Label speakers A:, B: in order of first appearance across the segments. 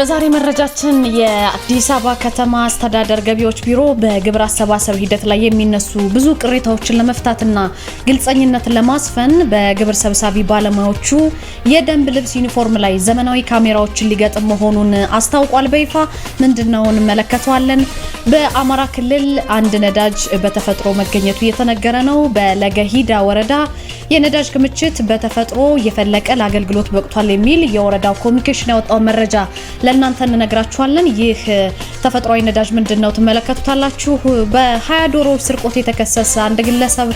A: በዛሬ መረጃችን የአዲስ አበባ ከተማ አስተዳደር ገቢዎች ቢሮ በግብር አሰባሰብ ሂደት ላይ የሚነሱ ብዙ ቅሬታዎችን ለመፍታትና ግልጸኝነትን ለማስፈን በግብር ሰብሳቢ ባለሙያዎቹ የደንብ ልብስ ዩኒፎርም ላይ ዘመናዊ ካሜራዎችን ሊገጥም መሆኑን አስታውቋል። በይፋ ምንድነው እንመለከተዋለን። በአማራ ክልል አንድ ነዳጅ በተፈጥሮ መገኘቱ እየተነገረ ነው። በለገሂዳ ወረዳ የነዳጅ ክምችት በተፈጥሮ እየፈለቀ ለአገልግሎት በቅቷል የሚል የወረዳው ኮሚኒኬሽን ያወጣው መረጃ ለእናንተ እንነግራችኋለን። ይህ ተፈጥሯዊ ነዳጅ ምንድን ነው ትመለከቱታላችሁ። በሀያ ዶሮዎች ስርቆት የተከሰሰ አንድ ግለሰብ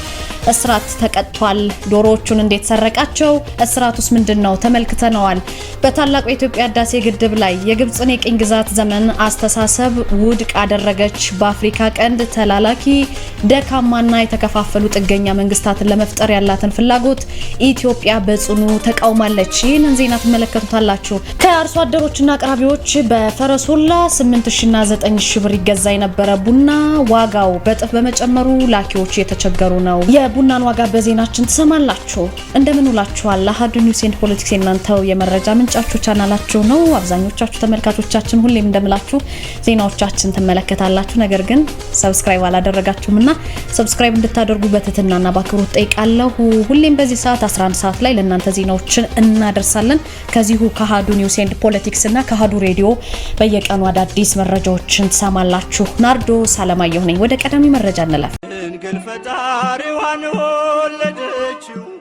A: እስራት ተቀጥቷል። ዶሮዎቹን እንዴት ሰረቃቸው? እስራቱስ ምንድን ነው ተመልክተነዋል። በታላቁ የኢትዮጵያ ህዳሴ ግድብ ላይ የግብፅን የቅኝ ግዛት ዘመን አስተሳሰብ ውድቅ አደረገች። በአፍሪካ ቀንድ ተላላኪ ደካማና የተከፋፈሉ ጥገኛ መንግስታትን ለመፍጠር ያላትን ፍላጎት ኢትዮጵያ በጽኑ ተቃውማለች። ይህንን ዜና ትመለከቱታላችሁ ከአርሶ አደሮችና አቅራቢ አቅራቢዎች በፈረሶላ 8000ና 9000 ብር ይገዛ የነበረ ቡና ዋጋው በእጥፍ በመጨመሩ ላኪዎች እየተቸገሩ ነው። የቡናን ዋጋ በዜናችን ትሰማላችሁ። እንደምን ውላችኋል። አሀዱ ኒውስ ኤንድ ፖለቲክስ የናንተው የመረጃ ምንጫችሁ ቻናላችሁ ነው። አብዛኞቻችሁ ተመልካቾቻችን ሁሌም እንደምላችሁ ዜናዎቻችን ትመለከታላችሁ። ነገር ግን ሰብስክራይብ አላደረጋችሁም እና ሰብስክራይብ እንድታደርጉ በትህትናና በአክብሮት ጠይቃለሁ። ሁሌም በዚህ ሰዓት 11 ሰዓት ላይ ለእናንተ ዜናዎችን እናደርሳለን ከዚሁ ከአሀዱ ኒውስ ኤንድ ፖለቲክስ እና አሀዱ ሬዲዮ በየቀኑ አዳዲስ መረጃዎችን ትሰማላችሁ። ናርዶስ አለማየሁ ነኝ። ወደ ቀዳሚ መረጃ እንለፍ።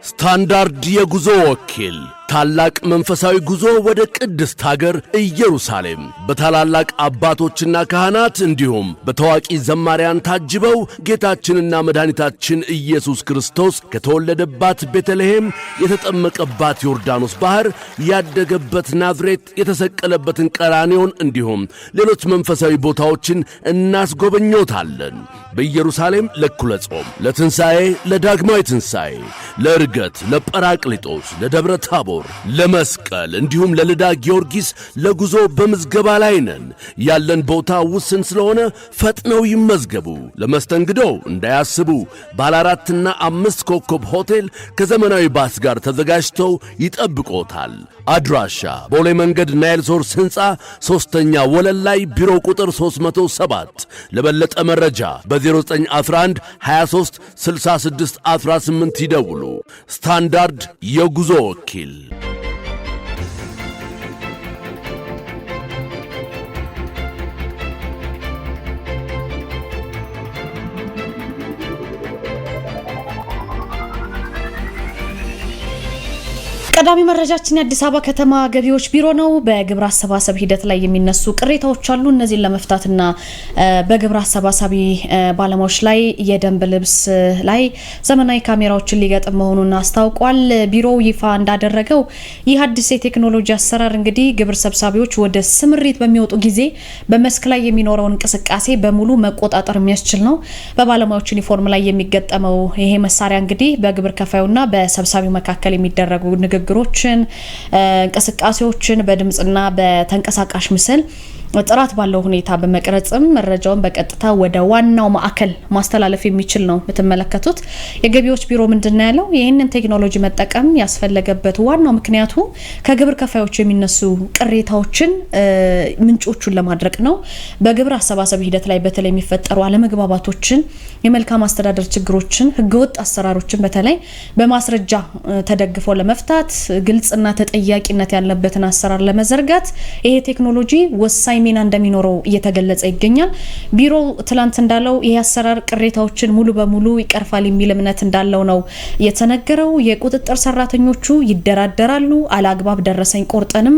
B: ስታንዳርድ የጉዞ ወኪል ታላቅ መንፈሳዊ ጉዞ ወደ ቅድስት ሀገር ኢየሩሳሌም በታላላቅ አባቶችና ካህናት እንዲሁም በታዋቂ ዘማሪያን ታጅበው ጌታችንና መድኃኒታችን ኢየሱስ ክርስቶስ ከተወለደባት ቤተልሔም፣ የተጠመቀባት ዮርዳኖስ ባህር፣ ያደገበት ናዝሬት፣ የተሰቀለበትን ቀራኔዮን እንዲሁም ሌሎች መንፈሳዊ ቦታዎችን እናስጎበኞታለን። በኢየሩሳሌም ለኩለ ጾም፣ ለትንሣኤ፣ ለዳግማዊ ትንሣኤ፣ ለዕርገት፣ ለጰራቅሊጦስ፣ ለደብረ ታቦ ለታቦር፣ ለመስቀል እንዲሁም ለልዳ ጊዮርጊስ ለጉዞ በምዝገባ ላይ ነን። ያለን ቦታ ውስን ስለሆነ ፈጥነው ይመዝገቡ። ለመስተንግዶ እንዳያስቡ፣ ባለ አራትና አምስት ኮከብ ሆቴል ከዘመናዊ ባስ ጋር ተዘጋጅተው ይጠብቆታል። አድራሻ ቦሌ መንገድ ናይል ሶርስ ሕንፃ ሦስተኛ ወለል ላይ ቢሮ ቁጥር 307። ለበለጠ መረጃ በ0911 23 66 18 ይደውሉ። ስታንዳርድ የጉዞ ወኪል
A: ቀዳሚ መረጃችን የአዲስ አበባ ከተማ ገቢዎች ቢሮ ነው። በግብር አሰባሰብ ሂደት ላይ የሚነሱ ቅሬታዎች አሉ። እነዚህን ለመፍታትና በግብር አሰባሳቢ ባለሙያዎች ላይ የደንብ ልብስ ላይ ዘመናዊ ካሜራዎችን ሊገጥም መሆኑን አስታውቋል። ቢሮው ይፋ እንዳደረገው ይህ አዲስ የቴክኖሎጂ አሰራር እንግዲህ ግብር ሰብሳቢዎች ወደ ስምሪት በሚወጡ ጊዜ በመስክ ላይ የሚኖረውን እንቅስቃሴ በሙሉ መቆጣጠር የሚያስችል ነው። በባለሙያዎች ዩኒፎርም ላይ የሚገጠመው ይሄ መሳሪያ እንግዲህ በግብር ከፋዩና በሰብሳቢው መካከል የሚደረጉ ንግግሮች ንግግሮችን፣ እንቅስቃሴዎችን በድምፅና በተንቀሳቃሽ ምስል ጥራት ባለው ሁኔታ በመቅረጽም መረጃውን በቀጥታ ወደ ዋናው ማዕከል ማስተላለፍ የሚችል ነው። የምትመለከቱት የገቢዎች ቢሮ ምንድን ነው ያለው? ይህንን ቴክኖሎጂ መጠቀም ያስፈለገበት ዋናው ምክንያቱ ከግብር ከፋዮች የሚነሱ ቅሬታዎችን ምንጮቹን ለማድረቅ ነው። በግብር አሰባሰብ ሂደት ላይ በተለይ የሚፈጠሩ አለመግባባቶችን፣ የመልካም አስተዳደር ችግሮችን፣ ህገወጥ አሰራሮችን በተለይ በማስረጃ ተደግፈው ለመፍታት ግልጽና ተጠያቂነት ያለበትን አሰራር ለመዘርጋት ይሄ ቴክኖሎጂ ወሳኝ ሚና እንደሚኖረው እየተገለጸ ይገኛል። ቢሮው ትላንት እንዳለው ይህ አሰራር ቅሬታዎችን ሙሉ በሙሉ ይቀርፋል የሚል እምነት እንዳለው ነው የተነገረው። የቁጥጥር ሰራተኞቹ ይደራደራሉ፣ አለአግባብ ደረሰኝ ቆርጠንም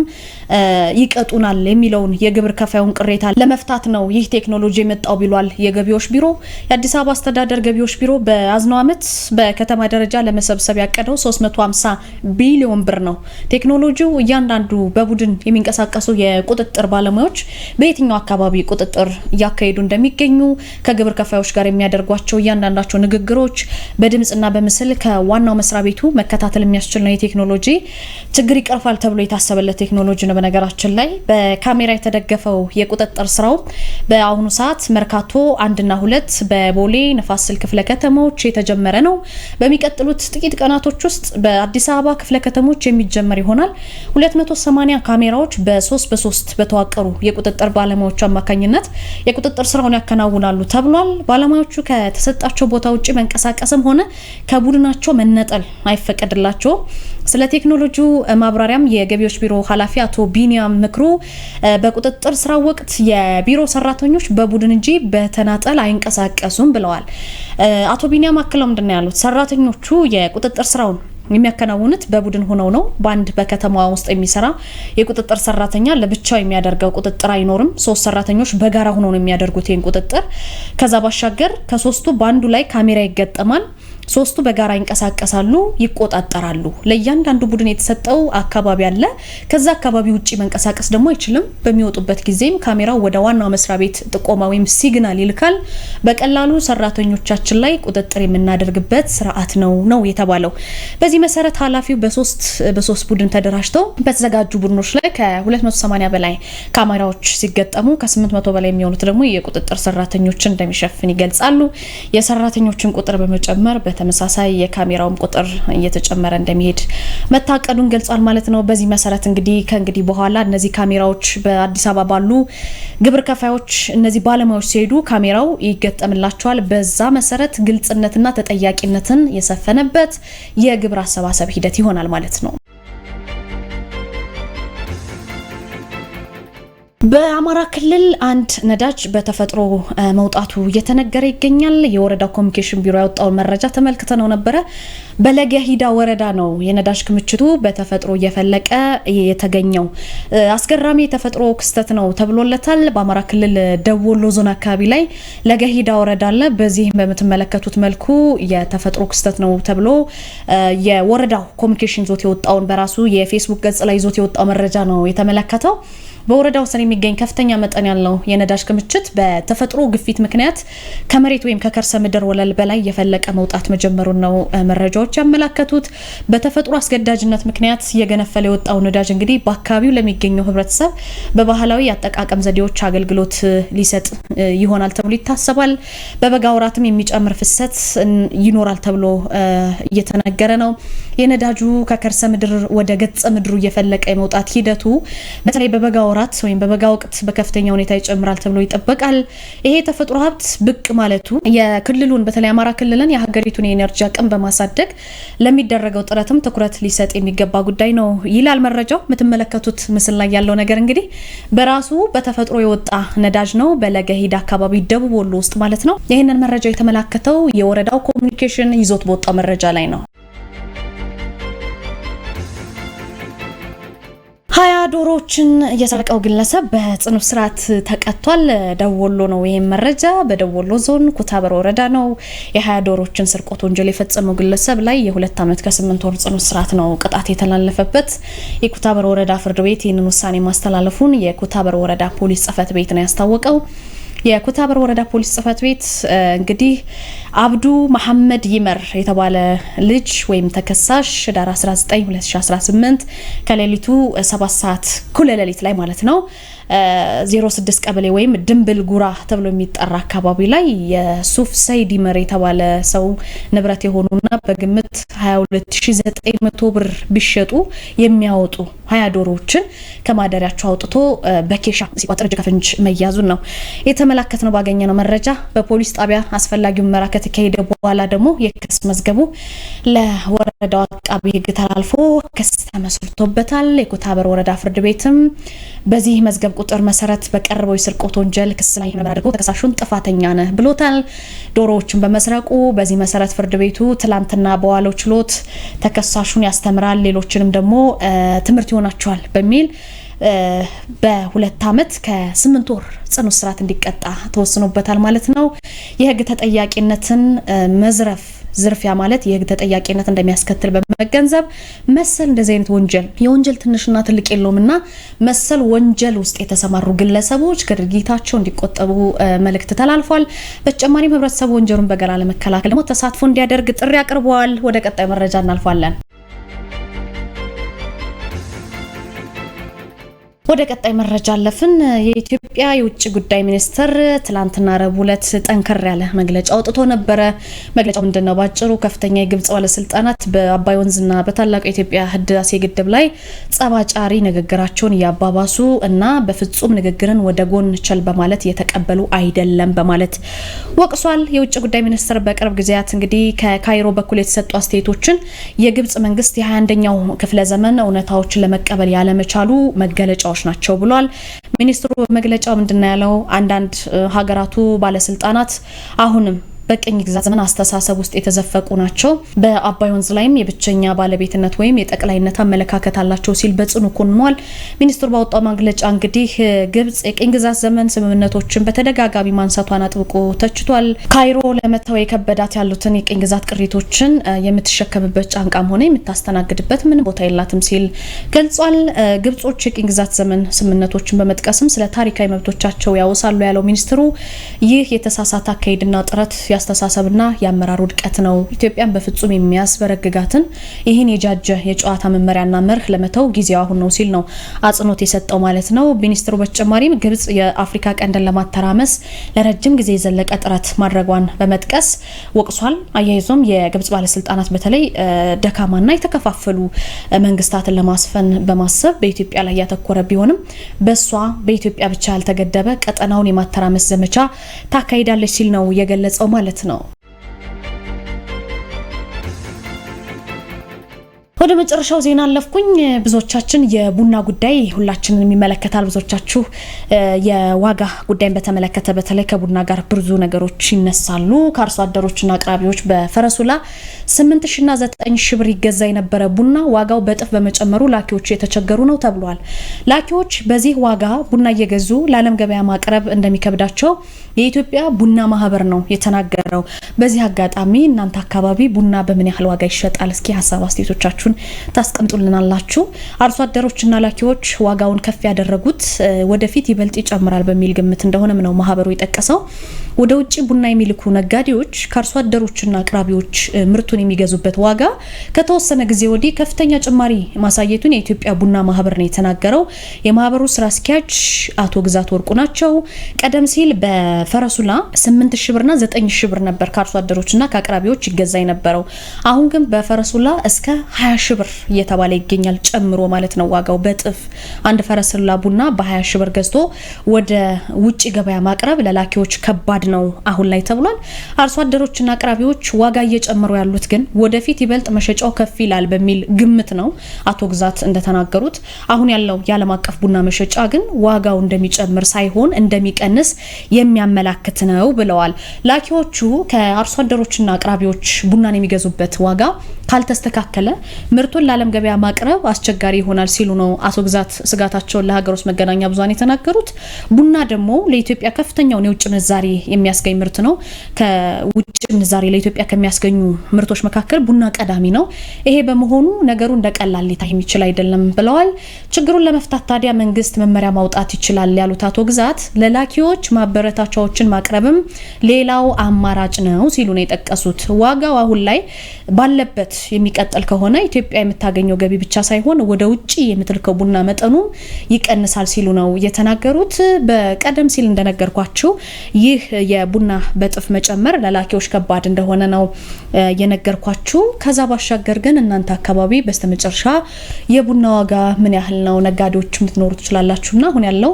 A: ይቀጡናል የሚለውን የግብር ከፋዩን ቅሬታ ለመፍታት ነው ይህ ቴክኖሎጂ የመጣው ብሏል የገቢዎች ቢሮ። የአዲስ አበባ አስተዳደር ገቢዎች ቢሮ በያዝነው ዓመት በከተማ ደረጃ ለመሰብሰብ ያቀደው 350 ቢሊዮን ብር ነው። ቴክኖሎጂው እያንዳንዱ በቡድን የሚንቀሳቀሱ የቁጥጥር ባለሙያዎች በየትኛው አካባቢ ቁጥጥር እያካሄዱ እንደሚገኙ ከግብር ከፋዮች ጋር የሚያደርጓቸው እያንዳንዳቸው ንግግሮች በድምፅና በምስል ከዋናው መስሪያ ቤቱ መከታተል የሚያስችል ነው። የቴክኖሎጂ ችግር ይቀርፋል ተብሎ የታሰበለት ቴክኖሎጂ ነው። በነገራችን ላይ በካሜራ የተደገፈው የቁጥጥር ስራው በአሁኑ ሰዓት መርካቶ አንድና ሁለት በቦሌ ነፋስ ስልክ ክፍለ ከተሞች የተጀመረ ነው። በሚቀጥሉት ጥቂት ቀናቶች ውስጥ በአዲስ አበባ ክፍለ ከተሞች የሚጀመር ይሆናል። 280 ካሜራዎች በሶስት 3 በተዋቀሩ 3 በተዋቀሩ በቁጥጥር ባለሙያዎቹ አማካኝነት የቁጥጥር ስራውን ያከናውናሉ ተብሏል። ባለሙያዎቹ ከተሰጣቸው ቦታ ውጭ መንቀሳቀስም ሆነ ከቡድናቸው መነጠል አይፈቀድላቸውም። ስለ ቴክኖሎጂው ማብራሪያም የገቢዎች ቢሮ ኃላፊ አቶ ቢኒያም ምክሩ በቁጥጥር ስራ ወቅት የቢሮ ሰራተኞች በቡድን እንጂ በተናጠል አይንቀሳቀሱም ብለዋል። አቶ ቢኒያም አክለው ምንድን ነው ያሉት ሰራተኞቹ የቁጥጥር ስራውን የሚያከናውኑት በቡድን ሆነው ነው። በአንድ በከተማዋ ውስጥ የሚሰራ የቁጥጥር ሰራተኛ ለብቻው የሚያደርገው ቁጥጥር አይኖርም። ሶስት ሰራተኞች በጋራ ሆነው ነው የሚያደርጉት ይህን ቁጥጥር። ከዛ ባሻገር ከሶስቱ በአንዱ ላይ ካሜራ ይገጠማል። ሶስቱ በጋራ ይንቀሳቀሳሉ፣ ይቆጣጠራሉ። ለእያንዳንዱ ቡድን የተሰጠው አካባቢ አለ። ከዛ አካባቢ ውጭ መንቀሳቀስ ደግሞ አይችልም። በሚወጡበት ጊዜም ካሜራው ወደ ዋናው መስሪያ ቤት ጥቆማ ወይም ሲግናል ይልካል። በቀላሉ ሰራተኞቻችን ላይ ቁጥጥር የምናደርግበት ስርዓት ነው ነው የተባለው። በዚህ መሰረት ኃላፊው በሶስት በሶስት ቡድን ተደራጅተው በተዘጋጁ ቡድኖች ላይ ከ280 በላይ ካሜራዎች ሲገጠሙ ከ800 በላይ የሚሆኑት ደግሞ የቁጥጥር ሰራተኞችን እንደሚሸፍን ይገልጻሉ። የሰራተኞችን ቁጥር በመጨመር በተመሳሳይ የካሜራውም ቁጥር እየተጨመረ እንደሚሄድ መታቀዱን ገልጿል ማለት ነው። በዚህ መሰረት እንግዲህ ከእንግዲህ በኋላ እነዚህ ካሜራዎች በአዲስ አበባ ባሉ ግብር ከፋዮች እነዚህ ባለሙያዎች ሲሄዱ ካሜራው ይገጠምላቸዋል። በዛ መሰረት ግልጽነትና ተጠያቂነትን የሰፈነበት የግብር አሰባሰብ ሂደት ይሆናል ማለት ነው። በአማራ ክልል አንድ ነዳጅ በተፈጥሮ መውጣቱ እየተነገረ ይገኛል። የወረዳ ኮሚኒኬሽን ቢሮ ያወጣውን መረጃ ተመልክተ ነው ነበረ። በለገሂዳ ወረዳ ነው የነዳጅ ክምችቱ በተፈጥሮ እየፈለቀ የተገኘው። አስገራሚ የተፈጥሮ ክስተት ነው ተብሎለታል። በአማራ ክልል ደቡብ ወሎ ዞን አካባቢ ላይ ለገሂዳ ወረዳ አለ። በዚህ በምትመለከቱት መልኩ የተፈጥሮ ክስተት ነው ተብሎ የወረዳው ኮሚኒኬሽን ዞት የወጣውን በራሱ የፌስቡክ ገጽ ላይ ዞት የወጣው መረጃ ነው የተመለከተው። በወረዳው ውስጥ የሚገኝ ከፍተኛ መጠን ያለው የነዳጅ ክምችት በተፈጥሮ ግፊት ምክንያት ከመሬት ወይም ከከርሰ ምድር ወለል በላይ የፈለቀ መውጣት መጀመሩን ነው መረጃዎች ያመላከቱት። በተፈጥሮ አስገዳጅነት ምክንያት እየገነፈለ የወጣው ነዳጅ እንግዲህ በአካባቢው ለሚገኘው ህብረተሰብ በባህላዊ የአጠቃቀም ዘዴዎች አገልግሎት ሊሰጥ ይሆናል ተብሎ ይታሰባል። በበጋ ወራትም የሚጨምር ፍሰት ይኖራል ተብሎ እየተነገረ ነው። የነዳጁ ከከርሰ ምድር ወደ ገጸ ምድሩ እየፈለቀ የመውጣት ሂደቱ በተለይ በበጋ ወራት ወይም በበጋ ወቅት በከፍተኛ ሁኔታ ይጨምራል ተብሎ ይጠበቃል። ይሄ የተፈጥሮ ሀብት ብቅ ማለቱ የክልሉን በተለይ አማራ ክልልን የሀገሪቱን የኤነርጂ አቅም በማሳደግ ለሚደረገው ጥረትም ትኩረት ሊሰጥ የሚገባ ጉዳይ ነው ይላል መረጃው። የምትመለከቱት ምስል ላይ ያለው ነገር እንግዲህ በራሱ በተፈጥሮ የወጣ ነዳጅ ነው፣ በለገሂድ አካባቢ ደቡብ ወሎ ውስጥ ማለት ነው። ይህንን መረጃ የተመላከተው የወረዳው ኮሚኒኬሽን ይዞት በወጣው መረጃ ላይ ነው። ሀያ ዶሮዎችን የሰረቀው ግለሰብ በጽኑ እስራት ተቀጥቷል። ደወሎ ነው ይህም መረጃ በደወሎ ዞን ኩታበር ወረዳ ነው። የሀያ ዶሮዎችን ስርቆት ወንጀል የፈጸመው ግለሰብ ላይ የሁለት ዓመት ከስምንት ወር ጽኑ እስራት ነው ቅጣት የተላለፈበት። የኩታበር ወረዳ ፍርድ ቤት ይህንን ውሳኔ ማስተላለፉን የኩታበር ወረዳ ፖሊስ ጽፈት ቤት ነው ያስታወቀው። የኩታበር ወረዳ ፖሊስ ጽፈት ቤት እንግዲህ አብዱ መሐመድ ይመር የተባለ ልጅ ወይም ተከሳሽ ዳር 19 2018 ከሌሊቱ 7 ሰዓት ኩለ ሌሊት ላይ ማለት ነው 06 ቀበሌ ወይም ድንብል ጉራ ተብሎ የሚጠራ አካባቢ ላይ የሱፍ ሰይድ ይመር የተባለ ሰው ንብረት የሆኑና በግምት 22900 ብር ቢሸጡ የሚያወጡ ሀያ ዶሮዎችን ከማደሪያቸው አውጥቶ በኬሻ ሲቋጥር እጅ ከፍንጅ መያዙን ነው የተመላከትነው። ባገኘነው መረጃ በፖሊስ ጣቢያ አስፈላጊውን ምርመራ ከተካሄደ በኋላ ደግሞ የክስ መዝገቡ ለወረዳው አቃቢ ሕግ ተላልፎ ክስ ተመስርቶበታል። የኩታበር ወረዳ ፍርድ ቤትም በዚህ መዝገብ ቁጥር መሰረት በቀረበው የስርቆት ወንጀል ክስ ላይ ምርመራ አድርጎ ተከሳሹን ጥፋተኛ ነህ ብሎታል። ዶሮዎችን በመስረቁ በዚህ መሰረት ፍርድ ቤቱ ትላንትና በዋለው ችሎት ተከሳሹን ያስተምራል፣ ሌሎችንም ደግሞ ትምህርት ይሆናቸዋል በሚል በሁለት ዓመት ከስምንት ወር ጽኑ እስራት እንዲቀጣ ተወስኖበታል ማለት ነው። የህግ ተጠያቂነትን መዝረፍ ዝርፊያ ማለት የህግ ተጠያቂነት እንደሚያስከትል በመገንዘብ መሰል እንደዚህ አይነት ወንጀል የወንጀል ትንሽና ትልቅ የለውም እና መሰል ወንጀል ውስጥ የተሰማሩ ግለሰቦች ከድርጊታቸው እንዲቆጠቡ መልእክት ተላልፏል። በተጨማሪም ህብረተሰቡ ወንጀሉን በገላ ለመከላከል ደግሞ ተሳትፎ እንዲያደርግ ጥሪ አቅርበዋል። ወደ ቀጣዩ መረጃ እናልፋለን። ወደ ቀጣይ መረጃ አለፍን። የኢትዮጵያ የውጭ ጉዳይ ሚኒስትር ትላንትና ረቡዕ ዕለት ጠንከር ያለ መግለጫ አውጥቶ ነበረ። መግለጫው ምንድን ነው? ባጭሩ ከፍተኛ የግብጽ ባለስልጣናት በአባይ ወንዝና በታላቁ የኢትዮጵያ ህዳሴ ግድብ ላይ ጸባጫሪ ንግግራቸውን እያባባሱ እና በፍጹም ንግግርን ወደ ጎን ቸል በማለት እየተቀበሉ አይደለም በማለት ወቅሷል። የውጭ ጉዳይ ሚኒስትር በቅርብ ጊዜያት እንግዲህ ከካይሮ በኩል የተሰጡ አስተያየቶችን የግብጽ መንግስት የ21ኛው ክፍለ ዘመን እውነታዎችን ለመቀበል ያለመቻሉ መገለጫ ሁኔታዎች ናቸው ብሏል። ሚኒስትሩ በመግለጫው ምንድነው ያለው? አንዳንድ ሀገራቱ ባለስልጣናት አሁንም በቅኝ ግዛት ዘመን አስተሳሰብ ውስጥ የተዘፈቁ ናቸው። በአባይ ወንዝ ላይም የብቸኛ ባለቤትነት ወይም የጠቅላይነት አመለካከት አላቸው ሲል በጽኑ ኮንኗል። ሚኒስትሩ ባወጣው መግለጫ እንግዲህ ግብጽ የቅኝ ግዛት ዘመን ስምምነቶችን በተደጋጋሚ ማንሳቷን አጥብቆ ተችቷል። ካይሮ ለመተው የከበዳት ያሉትን የቅኝ ግዛት ቅሪቶችን የምትሸከምበት ጫንቃም ሆነ የምታስተናግድበት ምን ቦታ የላትም ሲል ገልጿል። ግብጾች የቅኝ ግዛት ዘመን ስምምነቶችን በመጥቀስም ስለ ታሪካዊ መብቶቻቸው ያወሳሉ ያለው ሚኒስትሩ ይህ የተሳሳተ አካሄድና ጥረት የአስተሳሰብና የአመራር ውድቀት ነው። ኢትዮጵያን በፍጹም የሚያስበረግጋትን ይህን የጃጀ የጨዋታ መመሪያና መርህ ለመተው ጊዜው አሁን ነው ሲል ነው አጽንኦት የሰጠው ማለት ነው ሚኒስትሩ። በተጨማሪም ግብጽ የአፍሪካ ቀንድን ለማተራመስ ለረጅም ጊዜ የዘለቀ ጥረት ማድረጓን በመጥቀስ ወቅሷል። አያይዞም የግብጽ ባለስልጣናት በተለይ ደካማና የተከፋፈሉ መንግስታትን ለማስፈን በማሰብ በኢትዮጵያ ላይ ያተኮረ ቢሆንም በእሷ በኢትዮጵያ ብቻ ያልተገደበ ቀጠናውን የማተራመስ ዘመቻ ታካሂዳለች ሲል ነው የገለጸው ማለት ማለት ነው ወደ መጨረሻው ዜና አለፍኩኝ። ብዙዎቻችን የቡና ጉዳይ ሁላችንን የሚመለከታል። ብዙዎቻችሁ የዋጋ ጉዳይን በተመለከተ በተለይ ከቡና ጋር ብዙ ነገሮች ይነሳሉ። ከአርሶ አደሮችና አቅራቢዎች በፈረሱላ 8ሺና 9ሺ ብር ይገዛ የነበረ ቡና ዋጋው በእጥፍ በመጨመሩ ላኪዎቹ የተቸገሩ ነው ተብሏል። ላኪዎች በዚህ ዋጋ ቡና እየገዙ ለዓለም ገበያ ማቅረብ እንደሚከብዳቸው የኢትዮጵያ ቡና ማህበር ነው የተናገረው። በዚህ አጋጣሚ እናንተ አካባቢ ቡና በምን ያህል ዋጋ ይሸጣል? እስኪ ሀሳብ አስተያየቶቻችሁን ዋጋቸውን ታስቀምጡልናላችሁ። አርሶ አደሮችና ላኪዎች ዋጋውን ከፍ ያደረጉት ወደፊት ይበልጥ ይጨምራል በሚል ግምት እንደሆነም ነው ማህበሩ የጠቀሰው። ወደ ውጭ ቡና የሚልኩ ነጋዴዎች ከአርሶ አደሮችና አቅራቢዎች ምርቱን የሚገዙበት ዋጋ ከተወሰነ ጊዜ ወዲህ ከፍተኛ ጭማሪ ማሳየቱን የኢትዮጵያ ቡና ማህበር ነው የተናገረው። የማህበሩ ስራ አስኪያጅ አቶ ግዛት ወርቁ ናቸው። ቀደም ሲል በፈረሱላ 8 ሺ ብርና 9 ሺ ብር ነበር ከአርሶ አደሮችና ከአቅራቢዎች ይገዛ የነበረው። አሁን ግን በፈረሱላ እስከ 20 ሺህ ብር እየተባለ ይገኛል ጨምሮ ማለት ነው። ዋጋው በጥፍ አንድ ፈረስላ ቡና በ20 ሺህ ብር ገዝቶ ወደ ውጭ ገበያ ማቅረብ ለላኪዎች ከባድ ነው አሁን ላይ ተብሏል። አርሶ አደሮችና አቅራቢዎች ዋጋ እየጨመሩ ያሉት ግን ወደፊት ይበልጥ መሸጫው ከፍ ይላል በሚል ግምት ነው። አቶ ግዛት እንደተናገሩት አሁን ያለው የዓለም አቀፍ ቡና መሸጫ ግን ዋጋው እንደሚጨምር ሳይሆን እንደሚቀንስ የሚያመላክት ነው ብለዋል። ላኪዎቹ ከአርሶ አደሮችና አቅራቢዎች ቡናን የሚገዙበት ዋጋ ካልተስተካከለ ምርቱን ለዓለም ገበያ ማቅረብ አስቸጋሪ ይሆናል ሲሉ ነው አቶ ግዛት ስጋታቸውን ለሀገር ውስጥ መገናኛ ብዙን የተናገሩት። ቡና ደግሞ ለኢትዮጵያ ከፍተኛውን የውጭ ምንዛሪ የሚያስገኝ ምርት ነው። ከውጭ የውጭ ምንዛሬ ለኢትዮጵያ ከሚያስገኙ ምርቶች መካከል ቡና ቀዳሚ ነው። ይሄ በመሆኑ ነገሩ እንደ ቀላል ሊታይ የሚችል አይደለም ብለዋል። ችግሩን ለመፍታት ታዲያ መንግስት መመሪያ ማውጣት ይችላል ያሉት አቶ ግዛት ለላኪዎች ማበረታቻዎችን ማቅረብም ሌላው አማራጭ ነው ሲሉ ነው የጠቀሱት። ዋጋው አሁን ላይ ባለበት የሚቀጥል ከሆነ ኢትዮጵያ የምታገኘው ገቢ ብቻ ሳይሆን ወደ ውጭ የምትልከው ቡና መጠኑ ይቀንሳል ሲሉ ነው የተናገሩት። በቀደም ሲል እንደነገርኳችሁ ይህ የቡና በጥፍ መጨመር ለላኪዎች ከባድ እንደሆነ ነው የነገርኳችሁ። ከዛ ባሻገር ግን እናንተ አካባቢ በስተመጨረሻ የቡና ዋጋ ምን ያህል ነው? ነጋዴዎች ልትኖሩ ትችላላችሁ እና አሁን ያለው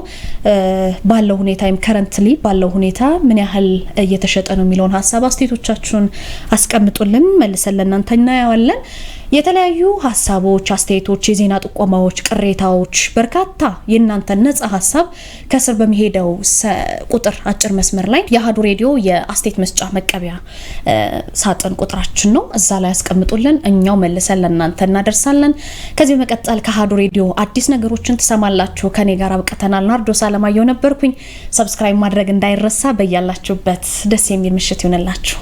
A: ባለው ሁኔታ ወይም ከረንትሊ ባለው ሁኔታ ምን ያህል እየተሸጠ ነው የሚለውን ሀሳብ አስተያየቶቻችሁን አስቀምጡልን። መልሰን ለእናንተ እናየዋለን። የተለያዩ ሀሳቦች፣ አስተያየቶች፣ የዜና ጥቆማዎች፣ ቅሬታዎች፣ በርካታ የእናንተ ነጻ ሀሳብ ከስር በሚሄደው ቁጥር አጭር መስመር ላይ የአሀዱ ሬዲዮ የአስተያየት መስጫ መቀበያ ሳጥን ቁጥራችን ነው። እዛ ላይ ያስቀምጡልን፣ እኛው መልሰን ለእናንተ እናደርሳለን። ከዚህ በመቀጠል ከአሀዱ ሬዲዮ አዲስ ነገሮችን ትሰማላችሁ። ከኔ ጋር አብቅተናል። ናርዶስ አለማየሁ ነበርኩኝ። ሰብስክራይብ ማድረግ እንዳይረሳ። በያላችሁበት ደስ የሚል ምሽት ይሆንላችሁ።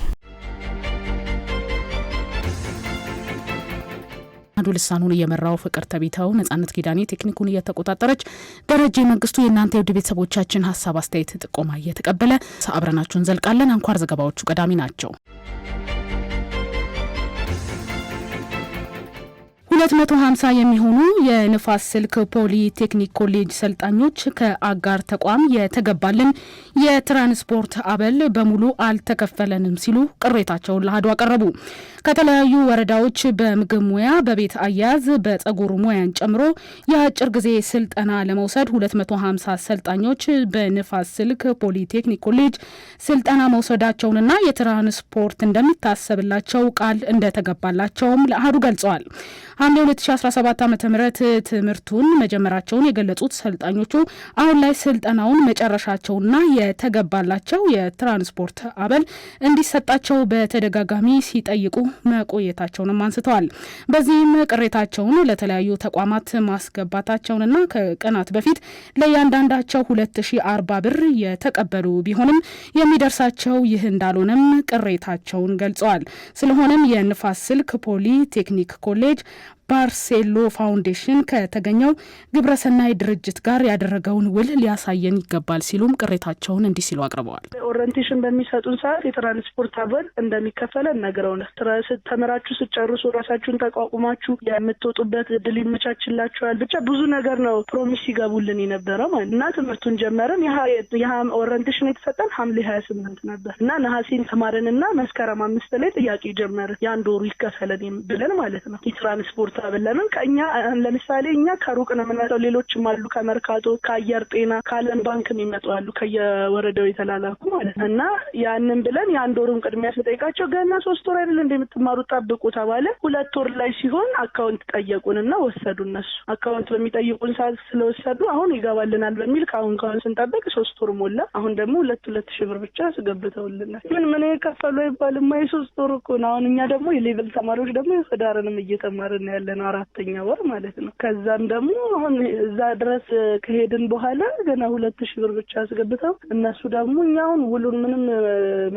A: አንዱ ልሳኑን እየመራው ፍቅር ተቢተው፣ ነጻነት ኪዳኔ ቴክኒኩን እየተቆጣጠረች፣ ደረጀ መንግስቱ የእናንተ የውድ ቤተሰቦቻችን ሀሳብ፣ አስተያየት፣ ጥቆማ እየተቀበለ አብረናችሁ እንዘልቃለን። አንኳር ዘገባዎቹ ቀዳሚ ናቸው። ሀምሳ የሚሆኑ የንፋስ ስልክ ፖሊቴክኒክ ኮሌጅ ሰልጣኞች ከአጋር ተቋም የተገባልን የትራንስፖርት አበል በሙሉ አልተከፈለንም ሲሉ ቅሬታቸውን ለአሐዱ አቀረቡ። ከተለያዩ ወረዳዎች በምግብ ሙያ፣ በቤት አያያዝ፣ በጸጉር ሙያን ጨምሮ የአጭር ጊዜ ስልጠና ለመውሰድ ሀምሳ ሰልጣኞች በንፋስ ስልክ ፖሊቴክኒክ ኮሌጅ ስልጠና መውሰዳቸውንና የትራንስፖርት እንደሚታሰብላቸው ቃል እንደተገባላቸውም ለአሐዱ ገልጸዋል። በሐምሌ 2017 ዓ ም ትምህርቱን መጀመራቸውን የገለጹት ሰልጣኞቹ አሁን ላይ ስልጠናውን መጨረሻቸውና የተገባላቸው የትራንስፖርት አበል እንዲሰጣቸው በተደጋጋሚ ሲጠይቁ መቆየታቸውንም አንስተዋል። በዚህም ቅሬታቸውን ለተለያዩ ተቋማት ማስገባታቸውንና ከቀናት በፊት ለእያንዳንዳቸው 2040 ብር የተቀበሉ ቢሆንም የሚደርሳቸው ይህ እንዳልሆነም ቅሬታቸውን ገልጸዋል። ስለሆነም የንፋስ ስልክ ፖሊ ቴክኒክ ኮሌጅ ባርሴሎ ፋውንዴሽን ከተገኘው ግብረሰናይ ድርጅት ጋር ያደረገውን ውል ሊያሳየን ይገባል ሲሉም ቅሬታቸውን እንዲህ ሲሉ አቅርበዋል። ኦሪንቴሽን በሚሰጡን ሰዓት የትራንስፖርት አበል እንደሚከፈለን ነግረውን ተምራችሁ ስጨርሱ ራሳችሁን ተቋቁማችሁ የምትወጡበት እድል ይመቻችላችኋል። ብቻ ብዙ ነገር ነው ፕሮሚስ ሲገቡልን የነበረው ማለት እና ትምህርቱን ጀመርን። ኦሪንቴሽን የተሰጠን ሐምሌ ሀያ ስምንት ነበር እና ነሐሴን ተማረንና መስከረም አምስት ላይ ጥያቄ ጀመርን። የአንድ ወሩ ይከፈለን ብለን ማለት ነው የትራንስፖርት ሀሳብን ለምን ከእኛ ለምሳሌ እኛ ከሩቅ ነው የምንመጣው። ሌሎችም አሉ ከመርካቶ ከአየር ጤና ከአለም ባንክ የሚመጡ አሉ ከየወረዳው የተላላኩ ማለት ነው። እና ያንን ብለን የአንድ ወሩን ቅድሚያ ስጠይቃቸው ገና ሶስት ወር አይደለ እንደምትማሩ ጠብቁ ተባለ። ሁለት ወር ላይ ሲሆን አካውንት ጠየቁንና ወሰዱ እነሱ አካውንት በሚጠይቁን ሰዓት ስለወሰዱ አሁን ይገባልናል በሚል ከአሁን ከአሁን ስንጠብቅ ሶስት ወር ሞላ። አሁን ደግሞ ሁለት ሁለት ሺህ ብር ብቻ አስገብተውልናል። ምን ምን የከፈሉ አይባልማ የሶስት ወር እኮ ነው። አሁን እኛ ደግሞ የሌቨል ተማሪዎች ደግሞ ህዳርንም እየተማርን ያለ እንሄዳለን አራተኛ ወር ማለት ነው። ከዛም ደግሞ አሁን እዛ ድረስ ከሄድን በኋላ ገና ሁለት ሺ ብር ብቻ አስገብተው እነሱ ደግሞ እኛ አሁን ውሉን ምንም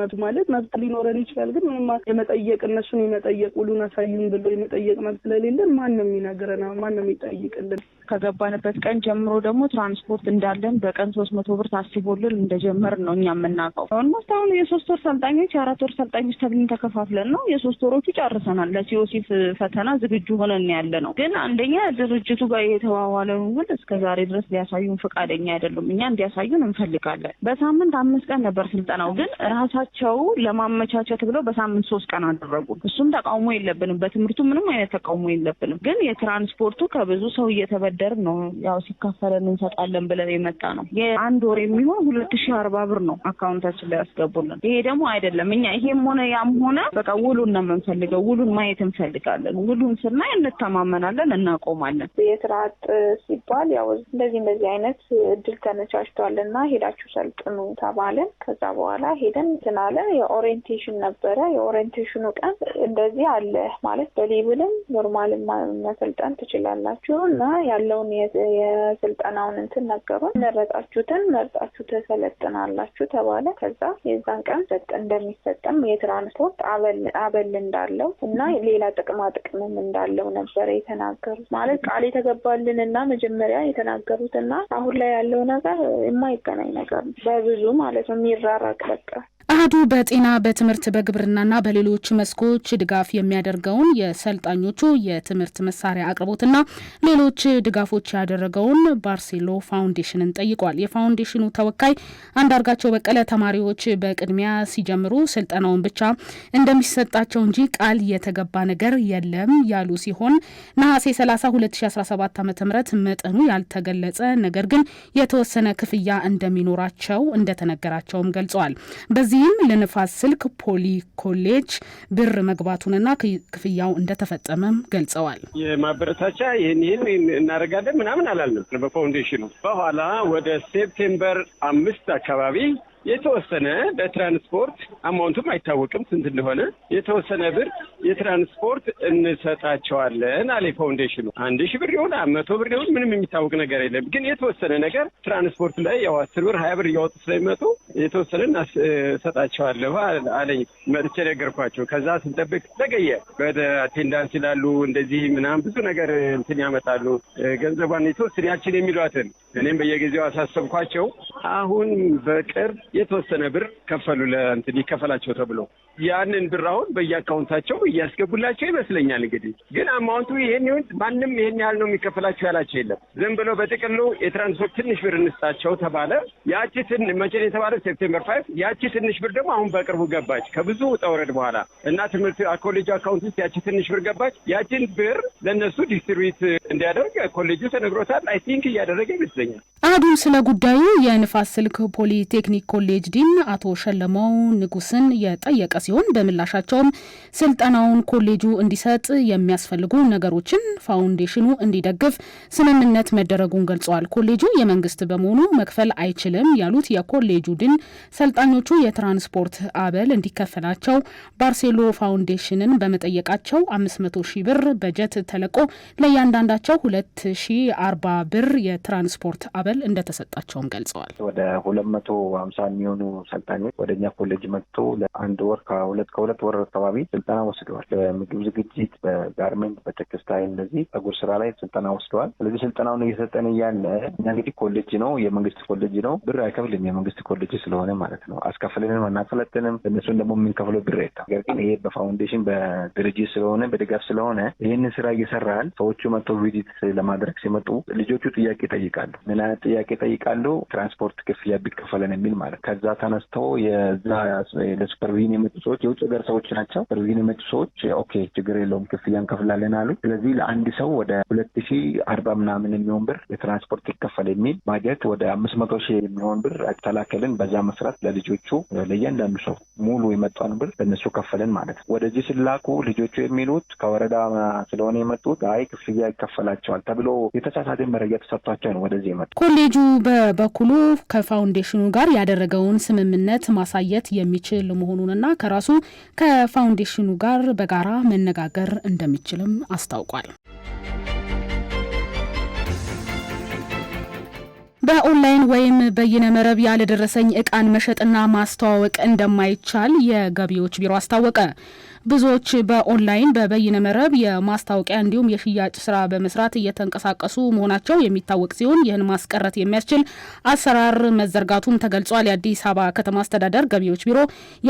A: መብት ማለት መብት ሊኖረን ይችላል፣ ግን ምንም የመጠየቅ እነሱን የመጠየቅ ውሉን አሳዩን ብሎ የመጠየቅ መብት ስለሌለን ማን ነው የሚነግረን? ማን ነው የሚጠይቅልን? ከገባንበት ቀን ጀምሮ ደግሞ ትራንስፖርት እንዳለን በቀን ሶስት መቶ ብር ታስቦልን እንደጀመር ነው እኛ የምናውቀው። ኦልሞስት አሁን የሶስት ወር ሰልጣኞች የአራት ወር ሰልጣኞች ተብለን ተከፋፍለን ነው የሶስት ወሮቹ ጨርሰናል። ለሲኦሲፍ ፈተና ዝግጁ ሆነን ያለ ነው። ግን አንደኛ ድርጅቱ ጋር የተዋዋለ ውል እስከ ዛሬ ድረስ ሊያሳዩን ፈቃደኛ አይደሉም። እኛ እንዲያሳዩን እንፈልጋለን። በሳምንት አምስት ቀን ነበር ስልጠናው፣ ግን ራሳቸው ለማመቻቸት ብለው በሳምንት ሶስት ቀን አደረጉ። እሱም ተቃውሞ የለብንም። በትምህርቱ ምንም አይነት ተቃውሞ የለብንም። ግን የትራንስፖርቱ ከብዙ ሰው እየተበደ ስለሚደረግ ነው ያው ሲካፈለን እንሰጣለን ብለን የመጣ ነው። የአንድ ወር የሚሆን ሁለት ሺህ አርባ ብር ነው አካውንታችን ላይ ያስገቡልን። ይሄ ደግሞ አይደለም እኛ ይሄም ሆነ ያም ሆነ በቃ ውሉን ነው የምንፈልገው። ውሉን ማየት እንፈልጋለን። ውሉን ስናይ እንተማመናለን፣ እናቆማለን። የስራ አጥ ሲባል ያው እንደዚህ እንደዚህ አይነት እድል ተነቻችቷል እና ሄዳችሁ ሰልጥኑ ተባለን። ከዛ በኋላ ሄደን ስናለ የኦሪንቴሽን ነበረ። የኦሪንቴሽኑ ቀን እንደዚህ አለ ማለት በሌብልም ኖርማልም መሰልጠን ትችላላችሁ እና ያለውን የስልጠናውን እንትን ነገሩን። መረጣችሁትን መርጣችሁ ተሰለጥናላችሁ ተባለ። ከዛ የዛን ቀን ሰጥ እንደሚሰጠም የትራንስፖርት አበል እንዳለው እና ሌላ ጥቅማ ጥቅምም እንዳለው ነበረ የተናገሩት። ማለት ቃል የተገባልን እና መጀመሪያ የተናገሩት እና አሁን ላይ ያለው ነገር የማይገናኝ ነገር በብዙ ማለት ነው የሚራራቅ በቃ አህዱ በጤና በትምህርት በግብርናና በሌሎች መስኮች ድጋፍ የሚያደርገውን የሰልጣኞቹ የትምህርት መሳሪያ አቅርቦትና ሌሎች ድጋፎች ያደረገውን ባርሴሎ ፋውንዴሽንን ጠይቋል። የፋውንዴሽኑ ተወካይ አንዳርጋቸው በቀለ ተማሪዎች በቅድሚያ ሲጀምሩ ስልጠናውን ብቻ እንደሚሰጣቸው እንጂ ቃል የተገባ ነገር የለም ያሉ ሲሆን ነሐሴ 30 2017 ዓ ም መጠኑ ያልተገለጸ ነገር ግን የተወሰነ ክፍያ እንደሚኖራቸው እንደተነገራቸውም ገልጸዋል። በዚህ በዚህም ለንፋስ ስልክ ፖሊ ኮሌጅ ብር መግባቱንና ክፍያው እንደተፈጸመም ገልጸዋል። የማበረታቻ ይህን ይህን እናደርጋለን ምናምን አላልንም በፋውንዴሽኑ በኋላ ወደ ሴፕቴምበር አምስት አካባቢ የተወሰነ በትራንስፖርት አማውንቱም አይታወቅም ስንት እንደሆነ የተወሰነ ብር የትራንስፖርት እንሰጣቸዋለን አለ ፋውንዴሽኑ። አንድ ሺህ ብር ይሁን መቶ ብር ይሁን ምንም የሚታወቅ ነገር የለም። ግን የተወሰነ ነገር ትራንስፖርት ላይ ያው አስር ብር ሀያ ብር እያወጡ ስለሚመጡ የተወሰነ እሰጣቸዋለሁ አለኝ። መጥቼ ነገርኳቸው። ከዛ ስንጠብቅ ዘገየ። በአቴንዳንስ ይላሉ እንደዚህ ምናምን ብዙ ነገር እንትን ያመጣሉ። ገንዘቧን የተወሰነ ያችን የሚሏትን እኔም በየጊዜው አሳሰብኳቸው። አሁን በቅርብ የተወሰነ ብር ከፈሉ ለእንትን ይከፈላቸው ተብሎ ያንን ብር አሁን በየአካውንታቸው እያስገቡላቸው ይመስለኛል። እንግዲህ ግን አማውንቱ ይሄን ይሁን ማንም ይሄን ያህል ነው የሚከፈላቸው ያላቸው የለም። ዝም ብሎ በጥቅሉ የትራንስፖርት ትንሽ ብር እንስጣቸው ተባለ። ያቺ መቼ የተባለ ሴፕቴምበር ፋይቭ ያቺ ትንሽ ብር ደግሞ አሁን በቅርቡ ገባች ከብዙ ውጣ ውረድ በኋላ እና ትምህርት ኮሌጅ አካውንት ውስጥ ያቺ ትንሽ ብር ገባች። ያቺን ብር ለእነሱ ዲስትሪቢዩት እንዲያደርግ ኮሌጁ ተነግሮታል። አይ ቲንክ እያደረገ ይመስለኛል። አህዱም ስለ ጉዳዩ የንፋስ ስልክ ፖሊቴክኒክ ኮሌጅ ዲን አቶ ሸለመው ንጉስን የጠየቀ ሲሆን በምላሻቸውም ስልጠናውን ኮሌጁ እንዲሰጥ የሚያስፈልጉ ነገሮችን ፋውንዴሽኑ እንዲደግፍ ስምምነት መደረጉን ገልጸዋል። ኮሌጁ የመንግስት በመሆኑ መክፈል አይችልም ያሉት የኮሌጁ ድን ሰልጣኞቹ የትራንስፖርት አበል እንዲከፈላቸው ባርሴሎ ፋውንዴሽንን በመጠየቃቸው 500 ሺህ ብር በጀት ተለቆ ለእያንዳንዳቸው 2040 ብር የትራንስፖርት አበል እንደተሰጣቸውም ገልጸዋል። ወደ 250 የሚሆኑ ሰልጣኞች ወደኛ ኮሌጅ መጥቶ ለአንድ ወር ከሁለት ከሁለት ወር አካባቢ ስልጠና ወስደዋል። በምግብ ዝግጅት፣ በጋርሜንት፣ በቴክስታይል እንደዚህ ጸጉር ስራ ላይ ስልጠና ወስደዋል። ስለዚህ ስልጠናውን እየሰጠን እያለ እኛ እንግዲህ ኮሌጅ ነው የመንግስት ኮሌጅ ነው ብር አይከፍልም የመንግስት ኮሌጅ ስለሆነ ማለት ነው። አስከፍልንም አናሰለጥንም እነሱን ደግሞ የምንከፍለው ብር የለም። ነገር ግን ይሄ በፋውንዴሽን በድርጅት ስለሆነ በድጋፍ ስለሆነ ይህንን ስራ እየሰራል። ሰዎቹ መጥቶ ቪዚት ለማድረግ ሲመጡ ልጆቹ ጥያቄ ይጠይቃሉ። ምን አይነት ጥያቄ ይጠይቃሉ? ትራንስፖርት ክፍያ ቢከፈለን የሚል ማለት ከዛ ተነስተው የዛ ለሱፐርቪዥን የመጡ ሰዎች የውጭ ሀገር ሰዎች ናቸው። እዚህን የመጡ ሰዎች ኦኬ ችግር የለውም ክፍያ እንከፍላለን አሉ። ስለዚህ ለአንድ ሰው ወደ ሁለት ሺ አርባ ምናምን የሚሆን ብር የትራንስፖርት ይከፈል የሚል ባጀት ወደ አምስት መቶ ሺህ የሚሆን ብር ተላከልን። በዛ መስራት ለልጆቹ ለእያንዳንዱ ሰው ሙሉ የመጣን ብር ለነሱ ከፈልን ማለት ነው። ወደዚህ ስላኩ ልጆቹ የሚሉት ከወረዳ ስለሆነ የመጡት አይ ክፍያ ይከፈላቸዋል ተብሎ የተሳሳተ መረጃ ተሰጥቷቸው ነው ወደዚህ የመጡ። ኮሌጁ በበኩሉ ከፋውንዴሽኑ ጋር ያደረገውን ስምምነት ማሳየት የሚችል መሆኑንና ራሱ ከፋውንዴሽኑ ጋር በጋራ መነጋገር እንደሚችልም አስታውቋል። በኦንላይን ወይም በይነ መረብ ያለደረሰኝ እቃን መሸጥና ማስተዋወቅ እንደማይቻል የገቢዎች ቢሮ አስታወቀ። ብዙዎች በኦንላይን በበይነ መረብ የማስታወቂያ እንዲሁም የሽያጭ ስራ በመስራት እየተንቀሳቀሱ መሆናቸው የሚታወቅ ሲሆን ይህን ማስቀረት የሚያስችል አሰራር መዘርጋቱም ተገልጿል። የአዲስ አበባ ከተማ አስተዳደር ገቢዎች ቢሮ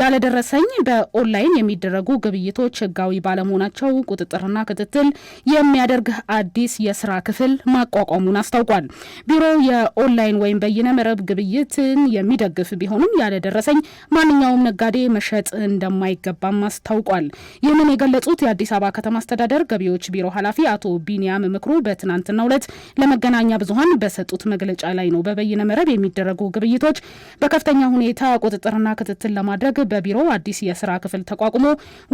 A: ያለደረሰኝ በኦንላይን የሚደረጉ ግብይቶች ህጋዊ ባለመሆናቸው ቁጥጥርና ክትትል የሚያደርግ አዲስ የስራ ክፍል ማቋቋሙን አስታውቋል። ቢሮው የኦንላይን ወይም በይነ መረብ ግብይትን የሚደግፍ ቢሆንም ያለደረሰኝ ማንኛውም ነጋዴ መሸጥ እንደማይገባም አስታውቋል። ተናግረዋል። ይህንን የገለጹት የአዲስ አበባ ከተማ አስተዳደር ገቢዎች ቢሮ ኃላፊ አቶ ቢኒያም ምክሩ በትናንትናው ዕለት ለመገናኛ ብዙሀን በሰጡት መግለጫ ላይ ነው። በበይነ መረብ የሚደረጉ ግብይቶች በከፍተኛ ሁኔታ ቁጥጥርና ክትትል ለማድረግ በቢሮ አዲስ የስራ ክፍል ተቋቁሞ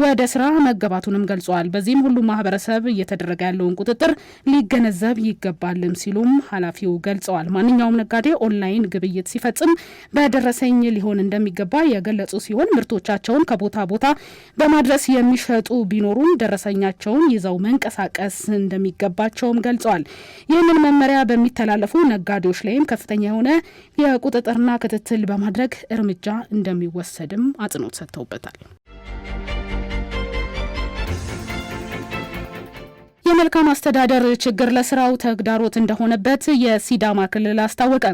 A: ወደ ስራ መገባቱንም ገልጸዋል። በዚህም ሁሉም ማህበረሰብ እየተደረገ ያለውን ቁጥጥር ሊገነዘብ ይገባልም ሲሉም ኃላፊው ገልጸዋል። ማንኛውም ነጋዴ ኦንላይን ግብይት ሲፈጽም በደረሰኝ ሊሆን እንደሚገባ የገለጹ ሲሆን ምርቶቻቸውን ከቦታ ቦታ በማድረስ ድረስ የሚሸጡ ቢኖሩም ደረሰኛቸውን ይዘው መንቀሳቀስ እንደሚገባቸውም ገልጸዋል። ይህንን መመሪያ በሚተላለፉ ነጋዴዎች ላይም ከፍተኛ የሆነ የቁጥጥርና ክትትል በማድረግ እርምጃ እንደሚወሰድም አጽንኦት ሰጥተውበታል። የመልካም አስተዳደር ችግር ለስራው ተግዳሮት እንደሆነበት የሲዳማ ክልል አስታወቀ።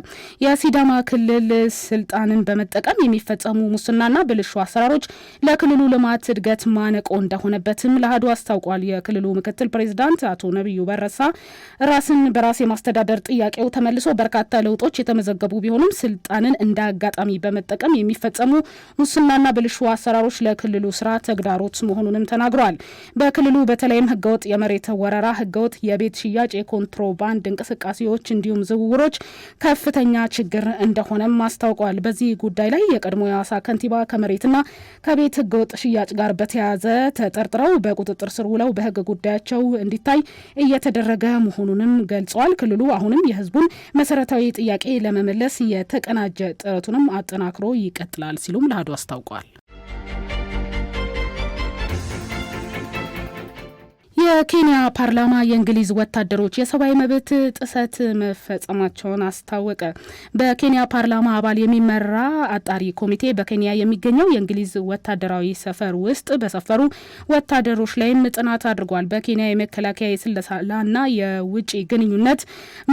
A: የሲዳማ ክልል ስልጣንን በመጠቀም የሚፈጸሙ ሙስናና ብልሹ አሰራሮች ለክልሉ ልማት እድገት ማነቆ እንደሆነበትም ለአህዱ አስታውቋል። የክልሉ ምክትል ፕሬዚዳንት አቶ ነቢዩ በረሳ ራስን በራስ የማስተዳደር ጥያቄው ተመልሶ በርካታ ለውጦች የተመዘገቡ ቢሆኑም ስልጣንን እንደ አጋጣሚ በመጠቀም የሚፈጸሙ ሙስናና ብልሹ አሰራሮች ለክልሉ ስራ ተግዳሮት መሆኑንም ተናግረዋል። በክልሉ በተለይም ህገወጥ የመሬት ወረራ፣ ህገወጥ የቤት ሽያጭ፣ የኮንትሮባንድ እንቅስቃሴዎች እንዲሁም ዝውውሮች ከፍተኛ ችግር እንደሆነም አስታውቋል። በዚህ ጉዳይ ላይ የቀድሞ የአዋሳ ከንቲባ ከመሬትና ከቤት ህገወጥ ሽያጭ ጋር በተያያዘ ተጠርጥረው በቁጥጥር ስር ውለው በህግ ጉዳያቸው እንዲታይ እየተደረገ መሆኑንም ገልጸዋል። ክልሉ አሁንም የህዝቡን መሰረታዊ ጥያቄ ለመመለስ የተቀናጀ ጥረቱንም አጠናክሮ ይቀጥላል ሲሉም ለአሐዱ አስታውቋል። የኬንያ ፓርላማ የእንግሊዝ ወታደሮች የሰብአዊ መብት ጥሰት መፈጸማቸውን አስታወቀ። በኬንያ ፓርላማ አባል የሚመራ አጣሪ ኮሚቴ በኬንያ የሚገኘው የእንግሊዝ ወታደራዊ ሰፈር ውስጥ በሰፈሩ ወታደሮች ላይም ጥናት አድርጓል። በኬንያ የመከላከያ የስለላና የውጭ ግንኙነት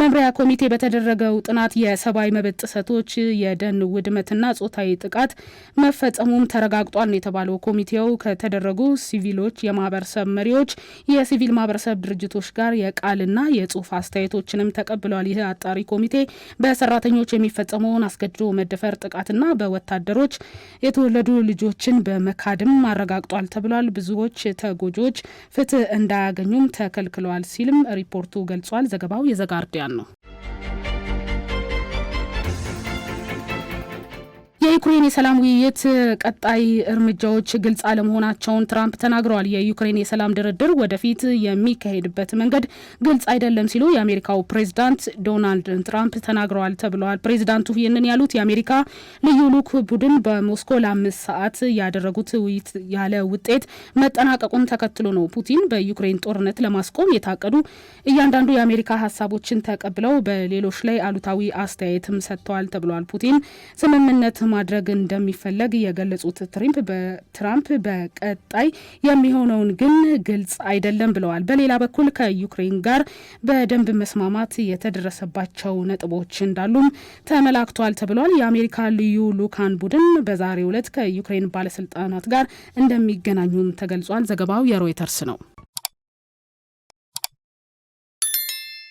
A: መምሪያ ኮሚቴ በተደረገው ጥናት የሰብአዊ መብት ጥሰቶች፣ የደን ውድመትና ጾታዊ ጥቃት መፈጸሙም ተረጋግጧል የተባለው ኮሚቴው ከተደረጉ ሲቪሎች፣ የማህበረሰብ መሪዎች ከሲቪል ማህበረሰብ ድርጅቶች ጋር የቃልና የጽሁፍ አስተያየቶችንም ተቀብለዋል። ይህ አጣሪ ኮሚቴ በሰራተኞች የሚፈጸመውን አስገድዶ መደፈር ጥቃትና በወታደሮች የተወለዱ ልጆችን በመካድም አረጋግጧል ተብሏል። ብዙዎች ተጎጂዎች ፍትህ እንዳያገኙም ተከልክለዋል ሲልም ሪፖርቱ ገልጿል። ዘገባው የዘጋርዲያን ነው። የዩክሬን የሰላም ውይይት ቀጣይ እርምጃዎች ግልጽ አለመሆናቸውን ትራምፕ ተናግረዋል። የዩክሬን የሰላም ድርድር ወደፊት የሚካሄድበት መንገድ ግልጽ አይደለም ሲሉ የአሜሪካው ፕሬዚዳንት ዶናልድ ትራምፕ ተናግረዋል ተብለዋል። ፕሬዚዳንቱ ይህንን ያሉት የአሜሪካ ልዩ ልዑክ ቡድን በሞስኮ ለአምስት ሰዓት ያደረጉት ውይይት ያለ ውጤት መጠናቀቁን ተከትሎ ነው። ፑቲን በዩክሬን ጦርነት ለማስቆም የታቀዱ እያንዳንዱ የአሜሪካ ሀሳቦችን ተቀብለው በሌሎች ላይ አሉታዊ አስተያየትም ሰጥተዋል ተብለዋል። ፑቲን ስምምነት ማድረግ እንደሚፈለግ የገለጹት ትሪምፕ በትራምፕ በቀጣይ የሚሆነውን ግን ግልጽ አይደለም ብለዋል። በሌላ በኩል ከዩክሬን ጋር በደንብ መስማማት የተደረሰባቸው ነጥቦች እንዳሉም ተመላክቷል ተብሏል። የአሜሪካ ልዩ ልኡካን ቡድን በዛሬው ዕለት ከዩክሬን ባለስልጣናት ጋር እንደሚገናኙም ተገልጿል። ዘገባው የሮይተርስ ነው።